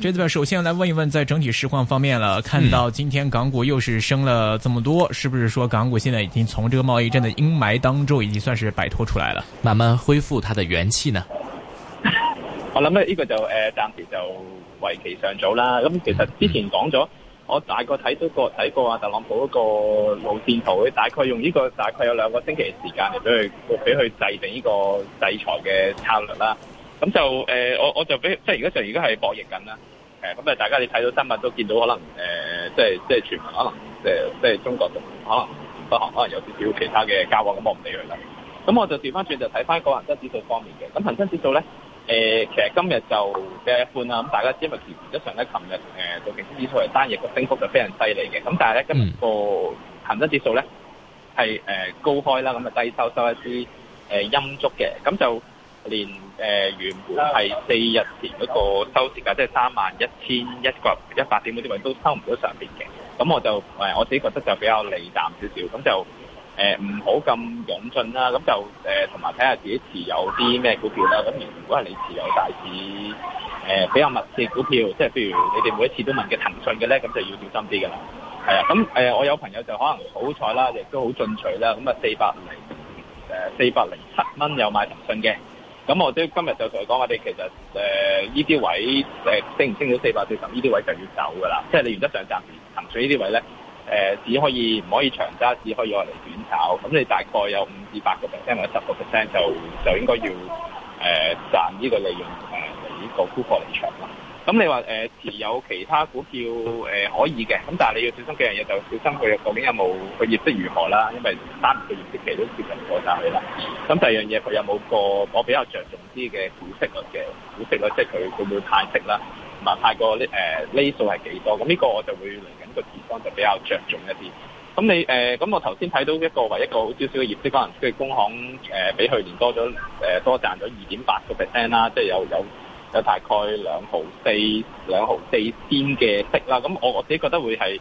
這邊首先來問一問，在整體市況方面了，看到今天港股又是升了這麼多，嗯、是不是說港股現在已經從這個貿易戰的陰霾當中已經算是擺脫出來了，慢慢恢復它的元氣呢？我諗咧，呢個就誒、呃，暫時就為期尚早啦。咁、嗯嗯、其實之前講咗，我大概睇到過睇過啊，特朗普嗰個路線圖，佢大概用呢個大概有兩個星期的時間嚟俾佢俾佢制定呢個制裁嘅策略啦。咁就誒、呃，我我就俾即係而家就而家係博弈緊啦。咁、呃、就大家你睇到新聞都見到可能誒、呃，即係即係傳聞，可能即係中國可能北韓可能有少少其他嘅交往，咁我唔理佢啦。咁我就調翻轉就睇翻個恆生指數方面嘅。咁恒生指數咧、呃，其實今日就比較一般啦。咁大家知唔知？事實上咧，琴日誒個恆生指數係單日嘅升幅就非常犀利嘅。咁但係咧、嗯、今日個恆生指數咧係、呃、高開啦，咁啊低收收一啲誒陰燭嘅，咁、呃、就連。誒原本係四日前嗰個收市價，即係三萬一千一個一百點嗰啲位都收唔到上邊嘅。咁我就誒我自己覺得就比較利淡少少，咁就誒唔好咁勇進啦。咁就誒同埋睇下自己持有啲咩股票啦。咁如果係你持有大市誒比較密切股票，即係譬如你哋每一次都問嘅騰訊嘅咧，咁就要小心啲㗎啦。係啊，咁誒我有朋友就可能好彩啦，亦都好進取啦。咁啊四百零誒四百零七蚊有買騰訊嘅。咁我即係今日就同你講，我哋其實誒呢啲位誒、呃、升唔升到四百四十，呢啲位就要走㗎啦。即係你原則上暫停住呢啲位咧，誒只可以唔可以長揸，只可以我嚟短炒。咁你大概有五至八個 percent 或者十個 percent 就就應該要誒、呃、賺呢個利潤誒嚟呢個沽貨離場啦。咁你話誒、呃、持有其他股票、呃、可以嘅，咁但係你要小心幾樣嘢，就小心佢究竟有冇個業績如何啦，因為三年嘅業績期都接近過晒去啦。咁第二樣嘢佢有冇個我比較着重啲嘅股息率，嘅股息率即係佢會唔會派息啦，同埋派過呢誒呢數係幾多？咁呢個我就會嚟緊個地方就比較着重一啲。咁你誒咁、呃、我頭先睇到一個話一個好少少嘅業績可能即係工行誒、呃、比去年多咗、呃、多賺咗二點八個 percent 啦，即係有有。有有大概兩毫四兩毫四仙嘅息啦，咁我我自己覺得會係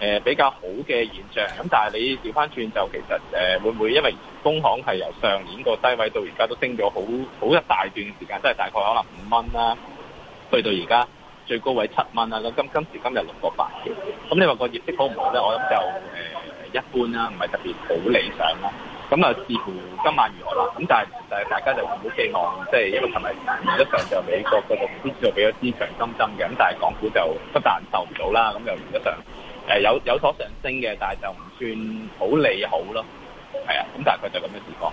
誒比較好嘅現象，咁但係你調翻轉就其實誒會唔會因為工行係由上年個低位到而家都升咗好好一大段時間，即係大概可能五蚊啦，去到而家最高位七蚊啦，咁今今時今日六個八嘅，咁你話個業績好唔好咧？我諗就誒一般啦，唔係特別好理想啦。咁啊，視乎今晚如何啦，咁但係，但係大家就唔好寄望，即係因為尋日原則上就美國嗰個唔知道俾咗支強心針嘅，咁但係港股就不但受唔到啦，咁又原則上誒有有，有所上升嘅，但係就唔算好利好咯，係啊，咁但係佢就咁嘅情況。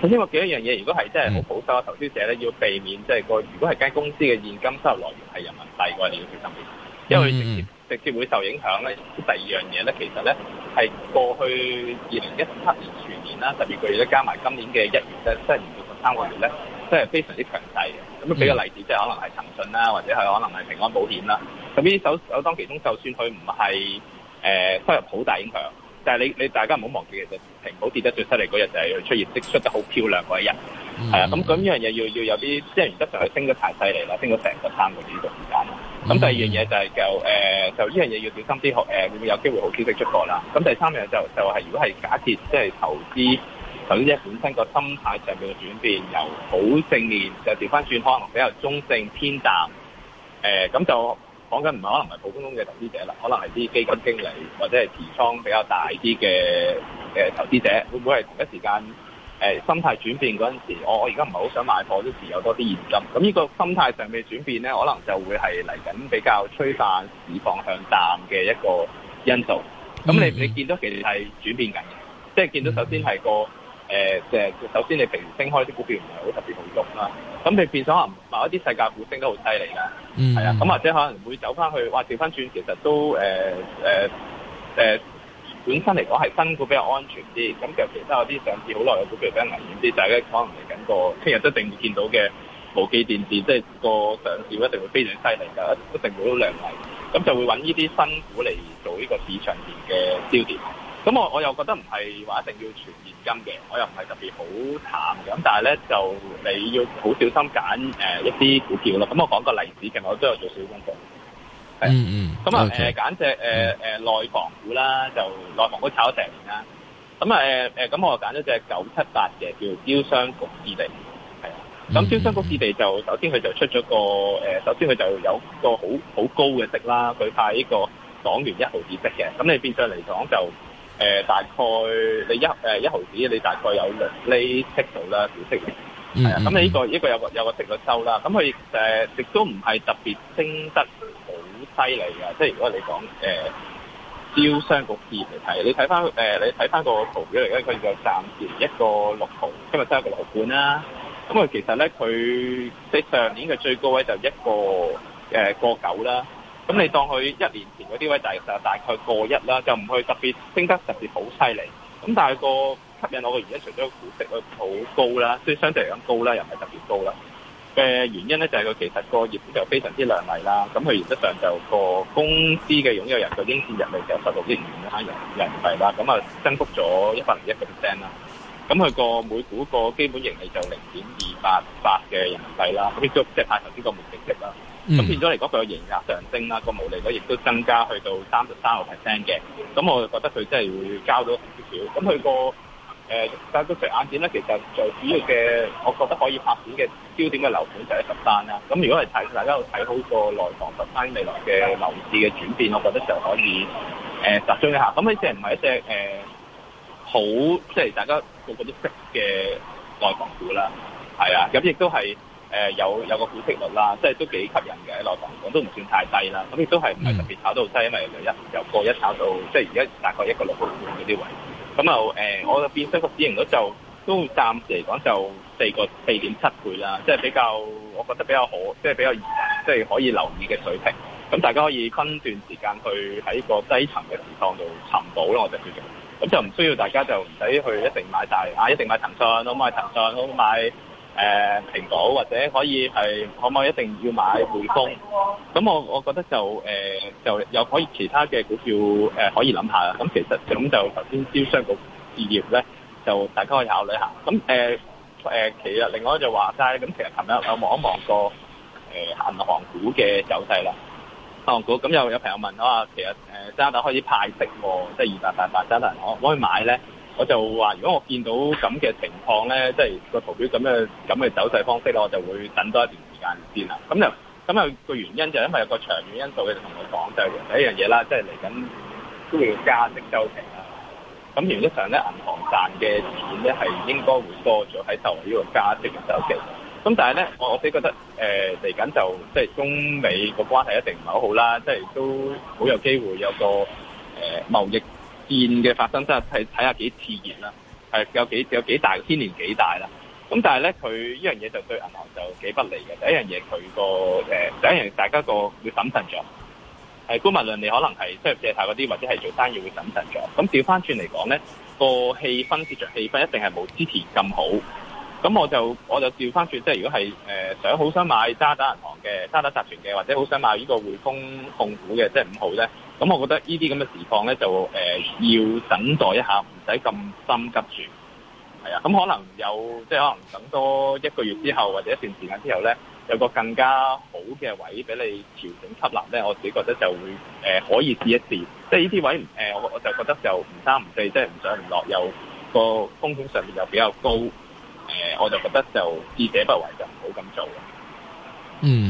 首先我記得一樣嘢，如果係真係好保守嘅投資者咧，要避免即係個如果係間公司嘅現金收入來源係人民幣嘅，你要小心啲，因為直接直接會受影響咧。第二樣嘢咧，其實咧係過去二零一七年全年啦，十二、就是、個月咧，加埋今年嘅一月、即係七月到三個月咧，即係非常之強勢嘅。咁、嗯、啊，俾個例子，即係可能係騰訊啦，或者係可能係平安保險啦。咁呢啲首首當其衝，就算佢唔係誒，收入好大影響。但係你你大家唔好忘記，其實平保跌得最犀利嗰日就係出業績出得好漂亮嗰一日，mm-hmm. 啊，咁咁呢樣嘢要要有啲即係唔得，就係升得太犀利啦，升咗成個三個點嘅時間。咁、mm-hmm. 嗯、第二就就、呃、樣嘢就係就誒就呢樣嘢要小心啲學、呃、會唔會有機會好消息出過啦。咁第三樣就是、就係、是、如果係假設即係、就是、投資，投資者本身個心態上面嘅轉變由好正面就調翻轉，可能比較中性偏淡咁、呃、就。講緊唔係可能係普通嘅投資者啦，可能係啲基金經理或者係持倉比較大啲嘅嘅投資者，會唔會係同一時間誒、呃、心態轉變嗰陣時候、哦？我我而家唔係好想買貨的時候，於是有多啲現金。咁呢個心態上嘅轉變咧，可能就會係嚟緊比較催化市況向淡嘅一個因素。咁你你見到其實係轉變緊嘅，即係見到首先係個誒即係首先你平升開啲股票唔係好特別好用啦。咁你變咗可能某一啲世界股升得好犀利㗎，係嗯嗯啊，咁或者可能會走翻去，話掉翻轉，其實都誒誒誒，本身嚟講係新股比較安全啲，咁其實其他有啲上市好耐嘅股票比較危險啲，就係、是、咧可能嚟緊個聽日都一定會見到嘅無機電視，即、就、係、是、個上市一定會非常犀利㗎，一定會好量嚟，咁就會揾呢啲新股嚟做呢個市場面嘅焦點。咁我我又覺得唔係話一定要存現金嘅，我又唔係特別好淡嘅。咁但係咧就你要好小心揀、呃、一啲股票咯。咁我講個例子嘅，其實我都有做小工作。嗯嗯。咁啊揀隻內房股啦，就內房股炒咗成年啦。咁啊咁我揀咗隻九七八嘅，叫招商局置地。係啊。咁、嗯、招、嗯、商局置地就首先佢就出咗個、呃、首先佢就有個好好高嘅息啦，佢派呢個港元一毫子息嘅。咁你變相嚟講就。誒、欸、大概你一誒一毫紙，你大概有兩呢尺度啦，小息。係啊，咁你呢個呢個有個有個息率收啦。咁佢誒亦都唔係特別升得好犀利㗎。即係如果你講誒招商局業嚟睇，你睇翻誒你睇翻個圖表嚟講，佢就暫時一個六毫，今日都一個六半啦。咁啊，其實咧佢即上年嘅最高位就一個誒個九啦。咁你當佢一年前嗰啲位大，就大概過一啦，就唔去特別升得特別好犀利。咁但係個吸引我嘅原因，除咗股息佢好高啦，即係相對嚟講高啦，又唔係特別高啦嘅原因咧，就係佢其實個業績就非常之亮麗啦。咁佢原則上就個公司嘅擁有人嘅應佔盈利就十六點五億人人民幣啦。咁啊，增幅咗一百零一個 percent 啦。咁佢個每股個基本盈利就零點二八八嘅人民幣啦。咁亦都即係睇頭先個目標值啦。咁變咗嚟講，佢嘅營額上升啦，個毛利率亦都增加去到三十三個 percent 嘅。咁我就覺得佢真係會交到少少。咁佢個誒大家都着眼點咧？其實最主要嘅，我覺得可以發展嘅焦點嘅樓盤就係佛山啦。咁如果係睇，大家有睇好個內房佛山未來嘅樓市嘅轉變，我覺得就可以誒集中一下。咁呢隻唔係一隻誒好即係大家個個都識嘅內房股啦，係啊。咁亦都係。誒、呃、有有個股息率啦，即係都幾吸引嘅內房講都唔算太低啦。咁亦都係唔係特別炒到好低，因為就一由過一炒到即係而家大概一個六個半嗰啲位。咁就誒，我變相個市盈率就都暫時嚟講就四個四點七倍啦，即係比較我覺得比較好，即、就、係、是、比較即係、就是、可以留意嘅水平。咁、嗯、大家可以分段時間去喺個低層嘅地方度尋寶咯，我就叫做。咁、嗯、就唔需要大家就唔使去一定買大啊，一定買騰訊，好買騰訊，好買。好買誒、uh, 蘋果或者可以係可唔可以一定要買匯豐？咁我、哦、我覺得就誒、呃、就又可以其他嘅股票可以諗下啦。咁其實咁就頭先招商局事業咧，就大家可以考慮一下。咁誒、呃、其實另外就話齋。咁其實琴日我望一望個誒銀行股嘅走勢啦。銀行股咁又有朋友問啊，其實誒渣打開始派息喎，即係二八八八渣打，可唔可以買咧？我就話：如果我見到咁嘅情況咧，即係個圖表咁嘅咁嘅走勢方式咧，我就會等多一段時間先啦。咁就咁又個原因就係因為有個長遠因素嘅，同我講就係、是、第一樣嘢啦，即係嚟緊都要加息周期啦。咁原則上咧，銀行賺嘅錢咧係應該會多咗喺受呢個加息嘅周期。咁但係咧，我我自己覺得嚟緊、呃、就即係中美個關係一定唔係好好啦，即係都好有機會有個、呃、貿易。現嘅發生真係睇下幾自然啦、啊，係有幾有幾大、牽連幾大啦、啊。咁但係咧，佢呢樣嘢就對銀行就幾不利嘅。第一樣嘢，佢、個誒第一樣大家，個會審慎咗。係股民論理可能係商業借貸嗰啲，或者係做生意會審慎咗。咁調翻轉嚟講咧，個氣氛接住氣氛一定係冇之前咁好。咁我就我就調翻轉，即係如果係誒想好、呃、想買渣打銀行嘅、渣打集團嘅，或者好想買呢個匯豐控股嘅，即係五號咧。咁我覺得呢啲咁嘅時況咧，就、呃、要等待一下，唔使咁心急住。係啊，咁可能有即係、就是、可能等多一個月之後，或者一段時間之後咧，有個更加好嘅位俾你調整吸納咧。我自己覺得就會、呃、可以試一試。即係呢啲位我、呃、我就覺得就唔三唔四，即係唔上唔落，有個風險上面又比較高。呃、我就覺得就智者不為，就唔好咁做。嗯。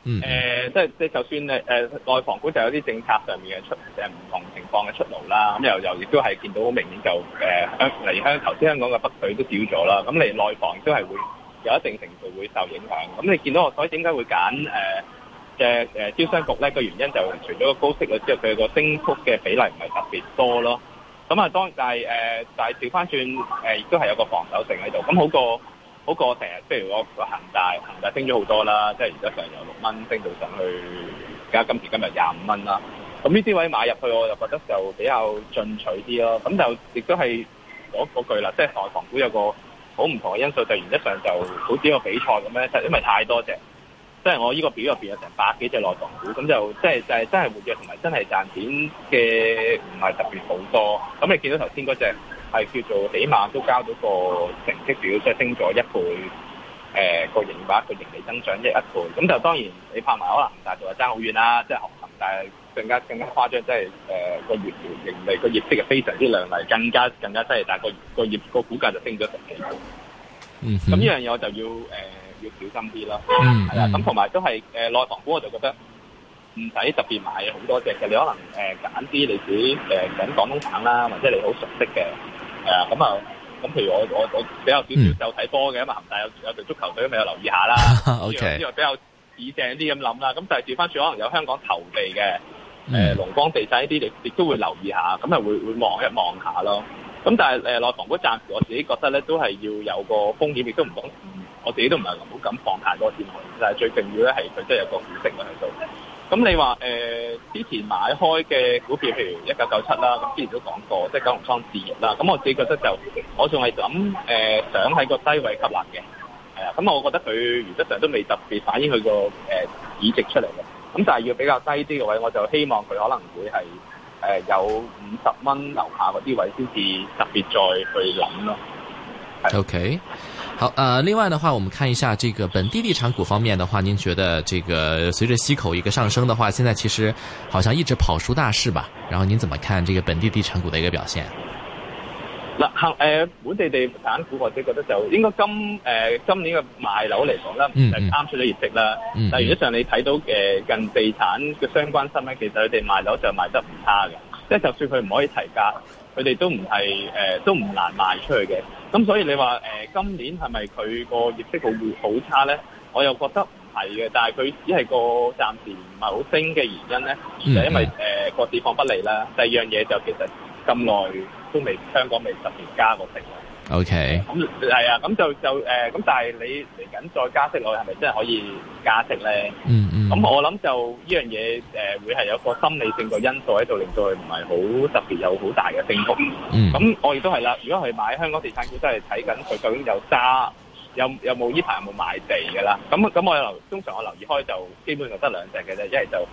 誒、mm-hmm. 呃，即即就算誒、呃、內房股就有啲政策上面嘅出誒唔同情況嘅出路啦。咁又又亦都係見到好明顯就誒，嚟香頭先香港嘅北水都少咗啦。咁你內房都係會有一定程度會受影響。咁你見到我所以點解會揀誒嘅招商局咧？個原因就除咗個高息率之外，佢個升幅嘅比例唔係特別多咯。咁啊，當然但係誒，但係調翻轉亦都係有個防守性喺度。咁好過。好過成日，譬如我個恒大，恒大升咗好多啦，即係而家上由六蚊升到上去，而家今時今日廿五蚊啦。咁呢啲位買入去，我就覺得就比較進取啲咯。咁就亦都係嗰句啦，即係內房股有個好唔同嘅因素，就原則上就好似個比賽咁咧，就因為太多隻，即係我呢個表入面有成百幾隻內房股，咁就即係就係真係活躍同埋真係賺錢嘅唔係特別好多。咁你見到頭先嗰隻？係叫做，起碼都交到個成績表，即係升咗一倍。誒個營化個盈利增長即係一倍，咁就當然你拍埋可能大做係爭好遠啦。即係行業，但係更加更加誇張，即係誒個月盈利個業績係非常之靚麗，更加更加犀利，但係個個業個股價就升咗十幾倍。嗯，咁呢樣嘢我就要誒要小心啲咯。嗯，係啦，咁同埋都係誒內房股，我就覺得唔使特別買好多隻嘅，你可能誒揀啲例子誒揾廣東省啦，或者你好熟悉嘅。係啊，咁啊，咁譬如我我我比較少少就睇波嘅，咁啊，但係恒大有有隊足球隊咪有留意下啦。O K，因為比較市正啲咁諗啦。咁但係調返轉，可能有香港投地嘅，誒，龍光地產呢啲，亦亦都會留意下。咁係會會望一望下咯。咁但係誒，內房股暫時我自己覺得咧，都係要有個風險，亦都唔講，我自己都唔係咁好敢放太多錢落去。但係最重要咧，係佢真係有個股息喺度。咁你話誒、呃、之前買開嘅股票，譬如一九九七啦，咁之前都講過，即係九龍倉置業啦。咁我自己覺得就我仲係諗誒想喺、呃、個低位吸納嘅，係啊、呃。咁我覺得佢原則上都未特別反映佢個誒市值出嚟嘅。咁但係要比較低啲嘅位，我就希望佢可能會係誒、呃、有五十蚊樓下嗰啲位先至特別再去諗咯。係。OK。好，呃，另外的話，我們看一下這個本地地產股方面的話，您覺得這個隨着息口一個上升的話，現在其實好像一直跑輸大市吧？然後您怎麼看這個本地地產股的一個表現？嗱，誒，本地地產股，或者覺得就應該今誒、呃、今年嘅賣樓嚟講咧，就啱出咗業績啦。但、嗯、如果上你睇到嘅近地產嘅相關新聞，其實佢哋賣樓就賣得唔差嘅，即係就算佢唔可以提價。佢哋都唔係，誒、呃，都唔難賣出去嘅。咁所以你話誒、呃，今年係咪佢個業績好好差咧？我又覺得唔係嘅。但係佢只係個暫時唔係好升嘅原因咧，就、mm-hmm。其實因為誒個市況不利啦。第二樣嘢就其實咁耐都未，香港未特別加過息。OK，咁係啊，咁就就誒，咁但係你嚟緊再加息落去，係咪真係可以加息咧？嗯嗯，咁我諗就呢樣嘢誒，會係有個心理性嘅因素喺度令到佢唔係好特別有好大嘅升幅。嗯，咁我亦都係啦。如果係買香港地產股，都係睇緊佢究竟有揸有有冇依排有冇買地噶啦。咁咁我留通常我留意開就基本上得兩隻嘅啫，一係就，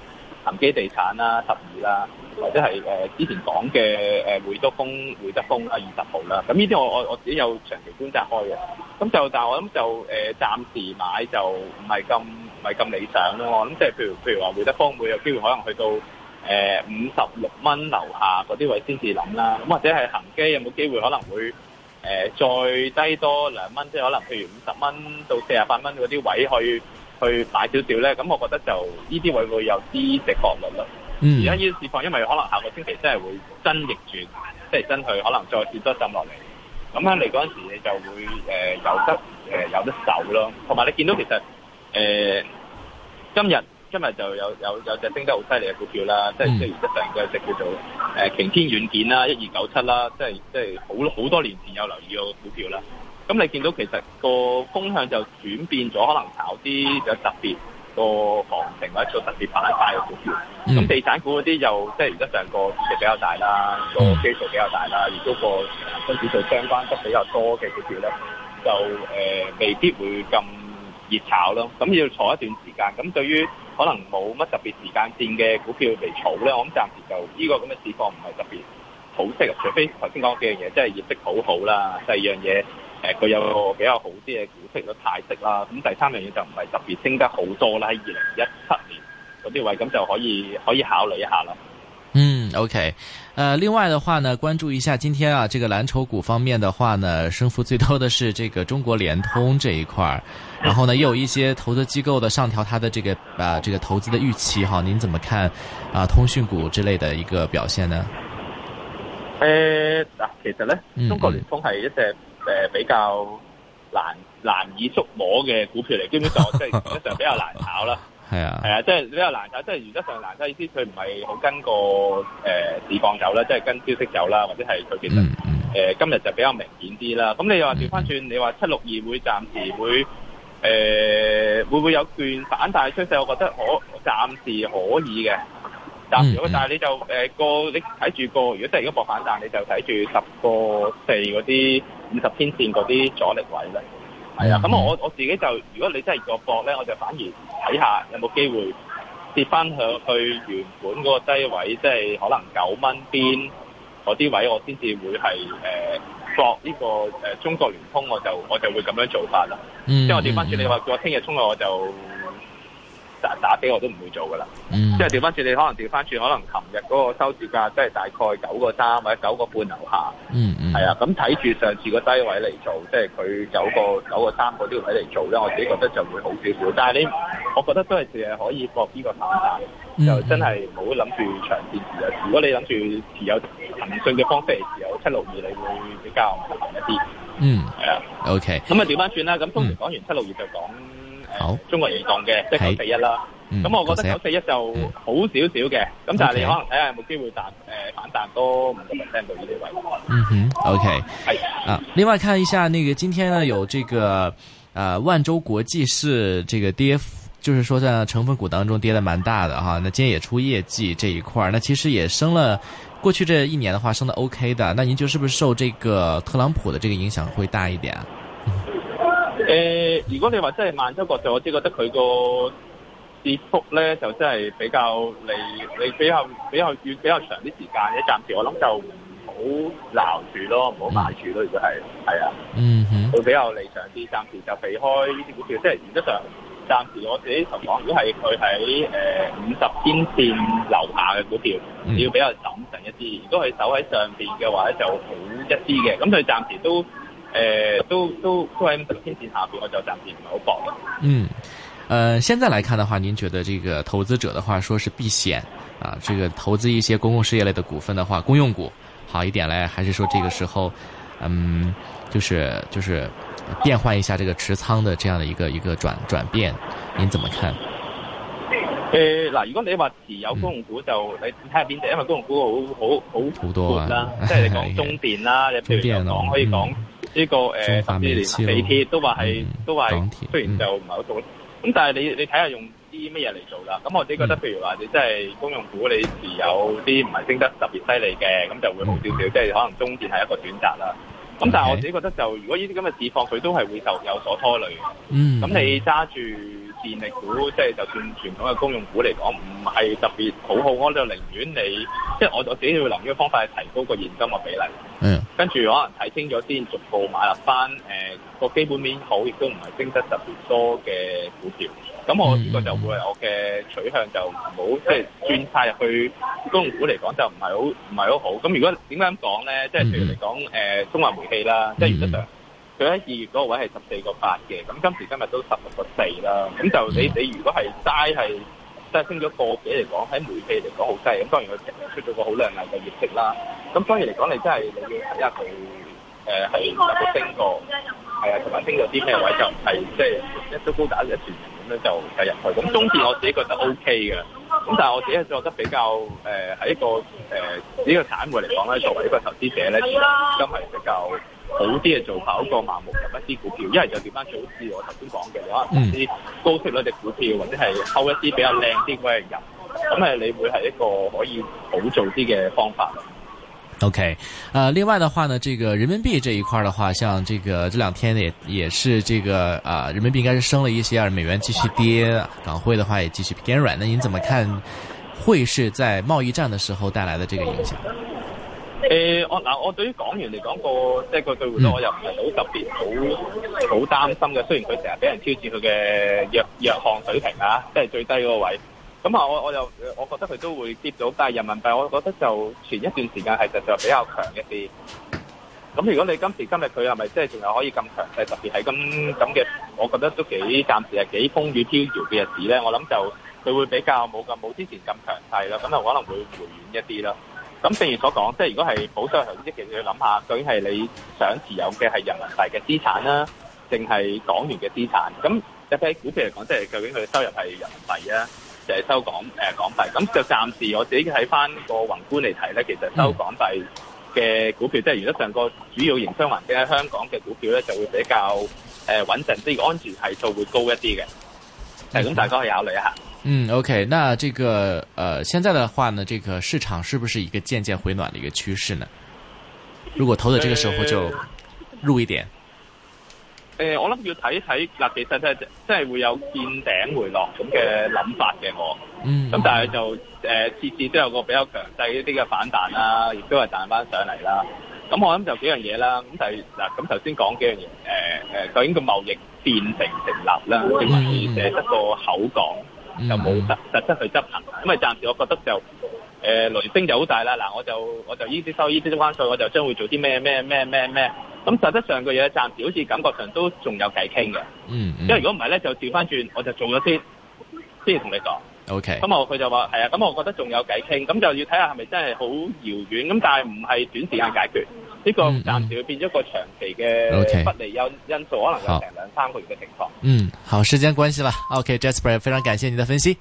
恒基地產啦，十二啦，或者係誒之前講嘅誒會德豐、會德豐啦，二十號啦，咁呢啲我我我自己有長期觀察開嘅，咁就但係我諗就誒暫時買就唔係咁唔係咁理想咯，我諗即係譬如譬如話會德豐會有機會可能去到誒五十六蚊樓下嗰啲位先至諗啦，咁或者係恆基有冇機會可能會誒再低多兩蚊，即係可能譬如五十蚊到四十八蚊嗰啲位去。去大少少咧，咁我覺得就呢啲位會有啲直覺率啦。而家呢啲市況，因為可能下個星期真係會真逆轉，即係真去可能再跌多浸落嚟，咁喺嚟嗰陣時，你就會誒、呃、有得誒、呃、有得走咯。同埋你見到其實誒、呃、今日。今日就有有有隻升得好犀利嘅股票啦，嗯、即係即係成嘅即係叫做誒、呃、擎天軟件啦、一二九七啦，即係即係好好多年前有留意嘅股票啦。咁你見到其實個風向就轉變咗，可能炒啲有特別個行情或者做特別板塊嘅股票。咁、嗯、地產股嗰啲又即係而家成個市值比較大啦，個基數比較大啦，亦、嗯、都個跟住做相關得比較多嘅股票咧，就誒、呃、未必會咁熱炒咯。咁要坐一段時間。咁對於可能冇乜特別時間線嘅股票嚟儲咧，我諗暫時就呢個咁嘅市況唔係特別好適合，除非頭先講幾樣嘢，即係業績好好啦，第二樣嘢誒佢有比較好啲嘅股息都派息啦，咁第三樣嘢就唔係特別升得好多啦，喺二零一七年嗰啲位咁就可以可以考慮一下啦。OK，呃，另外的話呢，關注一下今天啊，這個藍籌股方面的話呢，升幅最多的是這個中國聯通這一塊兒，然後呢，也有一些投資機構的上調它的這個啊這個投資的預期哈、啊，您怎麼看啊？通訊股之類的一個表現呢？呃嗱，其實呢，嗯、中國聯通係一隻呃比較難難以捉摸嘅股票嚟，基本上即係基本上比較難炒啦。 係啊，係、呃、啊，即係比較難嘅，即係原則上難嘅意思是不是，佢唔係好跟個誒市況走啦，即係跟消息走啦，或者係佢其實誒今日就比較明顯啲啦。咁、嗯嗯、你又話調返轉，你話七六二會暫時會誒、呃、會唔會有眷反彈趨勢？我覺得可暫時可以嘅，暫時。但係你就誒個、呃、你睇住個，如果真係如果博反彈，你就睇住十個四嗰啲五十天線嗰啲阻力位啦。係啊，咁我、嗯、我自己就如果你真係個搏咧，我就反而睇下有冇機會跌翻去去原本嗰個低位，即、就、係、是、可能九蚊邊嗰啲位我，我先至會係博搏、這、呢個、呃、中國聯通，我就我就會咁樣做法啦。嗯，即係我跌翻住、嗯，你話叫我聽日衝落，我就。打打俾我都唔會做噶啦，嗯，即係調翻轉，你可能調翻轉，可能琴日嗰個收市價即係大概九個三或者九個半樓下，嗯嗯，係啊，咁睇住上次個低位嚟做，即係佢走個九個三個啲位嚟做咧，我自己覺得就會好少少。但係你，我覺得都係淨係可以搏呢個板單，嗯，就真係冇諗住長線持有。如果你諗住持有騰訊嘅方式嚟持有七六二，你會比較難一啲。嗯，係啊，OK。咁啊，調翻轉啦，咁通常講完七六二就講，嗯。好、呃嗯，中國移動嘅即係九四一啦，咁、就是嗯、我覺得九四一就好少少嘅，咁、嗯、但係你可能睇下有冇機會彈，誒、okay, 呃、反彈多五 percent 到一兩位。嗯哼，OK，啊，另外看一下那個今天呢有這個，啊、呃、萬洲國際市這個跌，就是說在成分股當中跌得蠻大的。哈，那今天也出業績這一塊，那其實也升了，過去這一年的話升得 OK 的，那您就是不是受這個特朗普的這個影響會大一點、啊？誒、呃，如果你話真係萬洲國際就我只覺得佢個跌幅咧就真係比較嚟你比較比較遠比較長啲時間嘅，暫時我諗就唔好撈住咯，唔好賣住咯，如果係係啊，嗯、mm-hmm. 會比較理想啲，暫時就避開呢啲股票，即係原則上暫時我自己頭先講，如果係佢喺誒五十天線樓下嘅股票，要比較謹慎一啲，如果佢守喺上邊嘅話就好一啲嘅，咁佢暫時都。誒，都都都喺咁偏點吓，比較就站喺某寶嗯，呃現在來看的話，您覺得這個投資者的話，說是避險，啊，這個投資一些公共事業類的股份的話，公用股好一點咧，還是說這個時候，嗯，就是就是變換一下這個持倉的這樣的一個一個轉轉變，您怎麼看？誒，嗱，如果你話持有公用股就你睇下邊隻，因為公用股好好好闊啦、啊啊，即係你講中電啦、啊，你 譬如講可以講、嗯。呢、這個誒地鐵都話係、嗯，都話雖然就唔係好做咁、嗯、但係你你睇下用啲乜嘢嚟做啦。咁我自己覺得，譬、嗯、如話你真係公用股，你持有啲唔係升得特別犀利嘅，咁就會好少少。即、嗯、係、就是、可能中電係一個選擇啦。咁、嗯、但係我自己覺得，就如果呢啲咁嘅市況，佢都係會就有所拖累嘅。咁、嗯、你揸住電力股，即係就算傳統嘅公用股嚟講，唔係特別好好、嗯，我就寧願你即係我我自己要諗呢個方法係提高個現金個比例。嗯。跟住可能睇清咗先，逐步買入翻。誒個基本面好，亦都唔係升得特別多嘅股票。咁我呢個就會係我嘅取向，就唔好即係轉晒入去公用股嚟講，就唔係好唔係好好。咁如果點解咁講咧？即係譬如嚟講，誒中華煤氣啦，即係原則上，佢喺二月嗰個位係十四個八嘅，咁今時今日都十六個四啦。咁就你你如果係齋係。即係升咗個別嚟講，喺煤氣嚟講好低，咁當然佢出咗個好亮眼嘅業績啦。咁當然嚟講你，你真係你要睇下佢誒係有冇升過，係啊，同埋升咗啲咩位就係即係一都高打，一串咁樣就入去。咁中線我自己覺得 OK 嘅，咁但係我自己覺得比較誒喺、呃、一個誒呢、呃、個產業嚟講咧，作為一個投資者咧，都係比較。好啲嘅做法，好過盲目入一啲股票，因為就點樣組市。我頭先講嘅，可能投資高息率嘅股票，或者係購一啲比較靚啲嘅人，咁你會係一個可以好做啲嘅方法。OK，誒、呃，另外嘅話呢，這個人民幣這一塊嘅話，像這個這兩天也也是這個啊、呃，人民幣應該是升了一些，美元繼續跌，港匯嘅話也繼續偏軟。那您怎麼看會是在貿易戰的時候帶來的這個影響？誒，我嗱，我對於港元嚟講個，即係個兌匯率，我又唔係好特別好，好擔心嘅。雖然佢成日俾人挑戰佢嘅弱弱項水平啊，即係最低嗰個位。咁啊，我我又我覺得佢都會跌到，但係人民幣，我覺得就前一段時間係實在比較強一啲。咁如果你今時今日佢係咪即係仲係可以咁強勢，特別係咁咁嘅，我覺得都幾暫時係幾風雨飄搖嘅日子咧。我諗就佢會比較冇咁冇之前咁強勢啦，咁就可能會回軟一啲咯。咁正如所講，即係如果係保守嘅投資，其實要諗下，究竟係你想持有嘅係人民幣嘅資產啦，定係港元嘅資產？咁一睇股票嚟講，即係究竟佢嘅收入係人民幣啊，定係收港誒港幣？咁就暫時我自己睇翻個宏觀嚟睇咧，其實收港幣嘅股票，即係如果上個主要營商環境喺香港嘅股票咧，就會比較誒穩陣即係，安全係數會高一啲嘅。係咁，大家可以考慮一下。嗯，OK，那這個，呃，現在的話呢，這個市場是不是一個漸漸回暖的一個趨勢呢？如果投的這個時候就入一點。誒、呃，我諗要睇睇嗱，其實真係真係會有見頂回落咁嘅諗法嘅我、哦，嗯，咁但係就誒次、呃、次都有個比較強勢一啲嘅反彈、啊、也彈啦，亦都係彈翻上嚟啦。咁我諗就幾樣嘢啦，咁就係嗱咁頭先講幾樣嘢，誒、呃、誒，究竟個貿易變成成立啦，定、嗯、還是一個口講？嗯、又冇實質去執行，因為暫時我覺得就誒、呃、雷聲就好大啦。嗱，我就我就依啲收依啲關稅，我就將會做啲咩咩咩咩咩。咁實質上嘅嘢暫時好似感覺上都仲有偈傾嘅、嗯。嗯，因為如果唔係咧，就調翻轉我就做咗先，先同你講。O、okay. K、嗯。咁我佢就話係啊，咁我覺得仲有偈傾，咁就要睇下係咪真係好遙遠，咁但係唔係短時間解決。呢、這個個暫時會變咗個長期嘅不利因因素，嗯嗯，可能有成兩三個月嘅情況。嗯，好，時間關係啦。OK，Jasper，、okay，非常感謝你的分析。